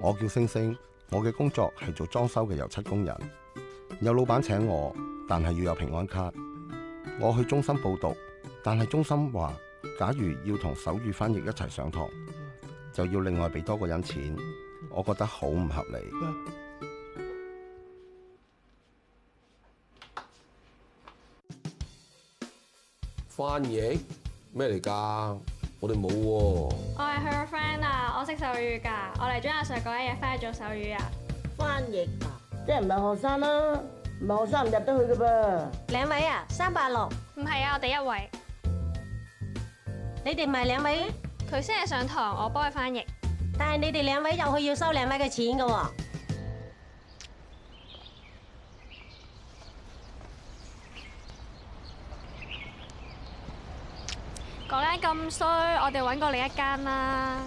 我叫猩猩，我嘅工作係做裝修嘅油漆工人。有老闆請我，但係要有平安卡。我去中心報讀，但係中心話，假如要同手語翻譯一齊上堂。又要另外俾多個人錢，我覺得好唔合理。翻譯咩嚟㗎？我哋冇喎。我係佢個 friend 啊，我識手語㗎。我嚟咗阿 sir 講嘢，翻去做手語啊。翻譯，即係唔係學生啦？唔係學生唔入得去㗎噃。兩位啊，三八六，唔係啊，我第一位。你哋唔係兩位？佢先係上堂，我幫佢翻譯。但係你哋兩位又去要收兩位嘅錢㗎喎。嗰間咁衰，我哋揾過你一間啦。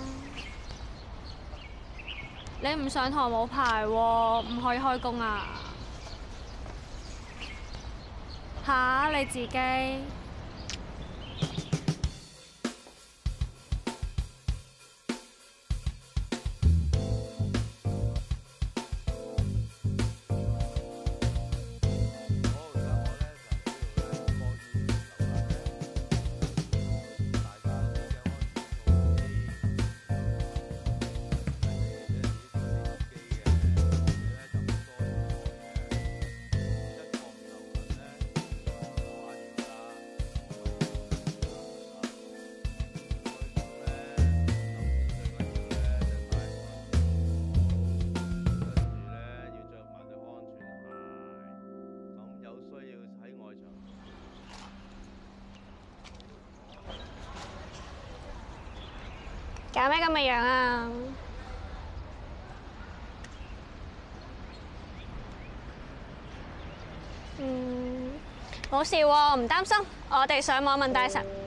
你唔上堂冇牌，唔可以開工啊！吓你自己。搞咩咁嘅樣啊？嗯，冇事喎，唔擔心，我哋上網問大神。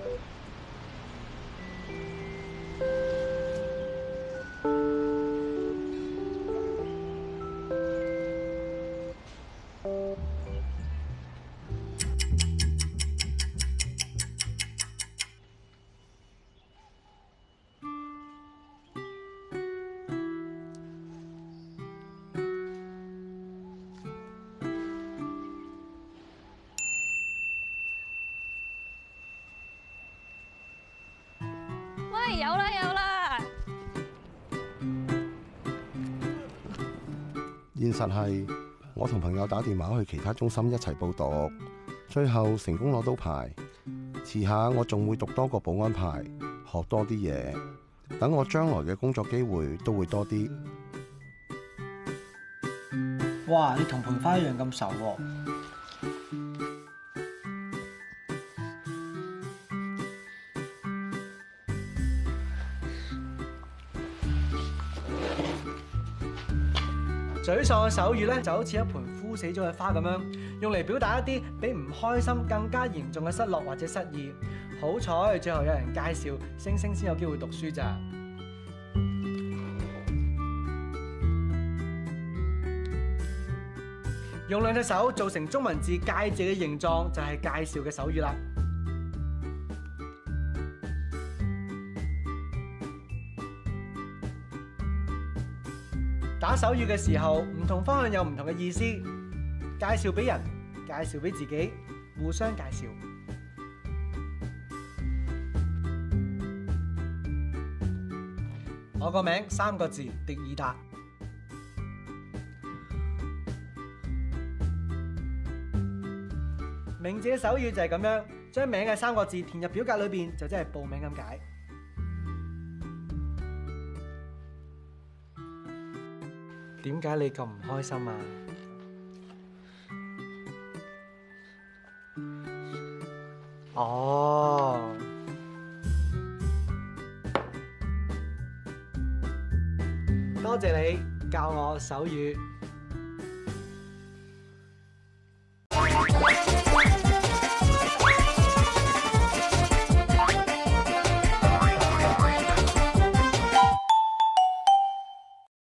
有啦有啦！現實係我同朋友打電話去其他中心一齊報讀，最後成功攞到牌。遲下我仲會讀多個保安牌，學多啲嘢，等我將來嘅工作機會都會多啲。哇！你同盆花一樣咁熟喎！沮喪嘅手語就好似一盆枯死咗嘅花咁樣，用嚟表達一啲比唔開心更加嚴重嘅失落或者失意。好彩，最後有人介紹猩猩先有機會讀書咋。用兩隻手做成中文字介字嘅形狀，就係、是、介紹嘅手語啦。打手語嘅時候，唔同方向有唔同嘅意思。介紹俾人，介紹俾自己，互相介紹。我個名三個字，狄易達。名字嘅手語就係咁樣，將名嘅三個字填入表格裏邊，就即係報名咁解。點解你咁唔開心呀？哦，多謝你教我手語。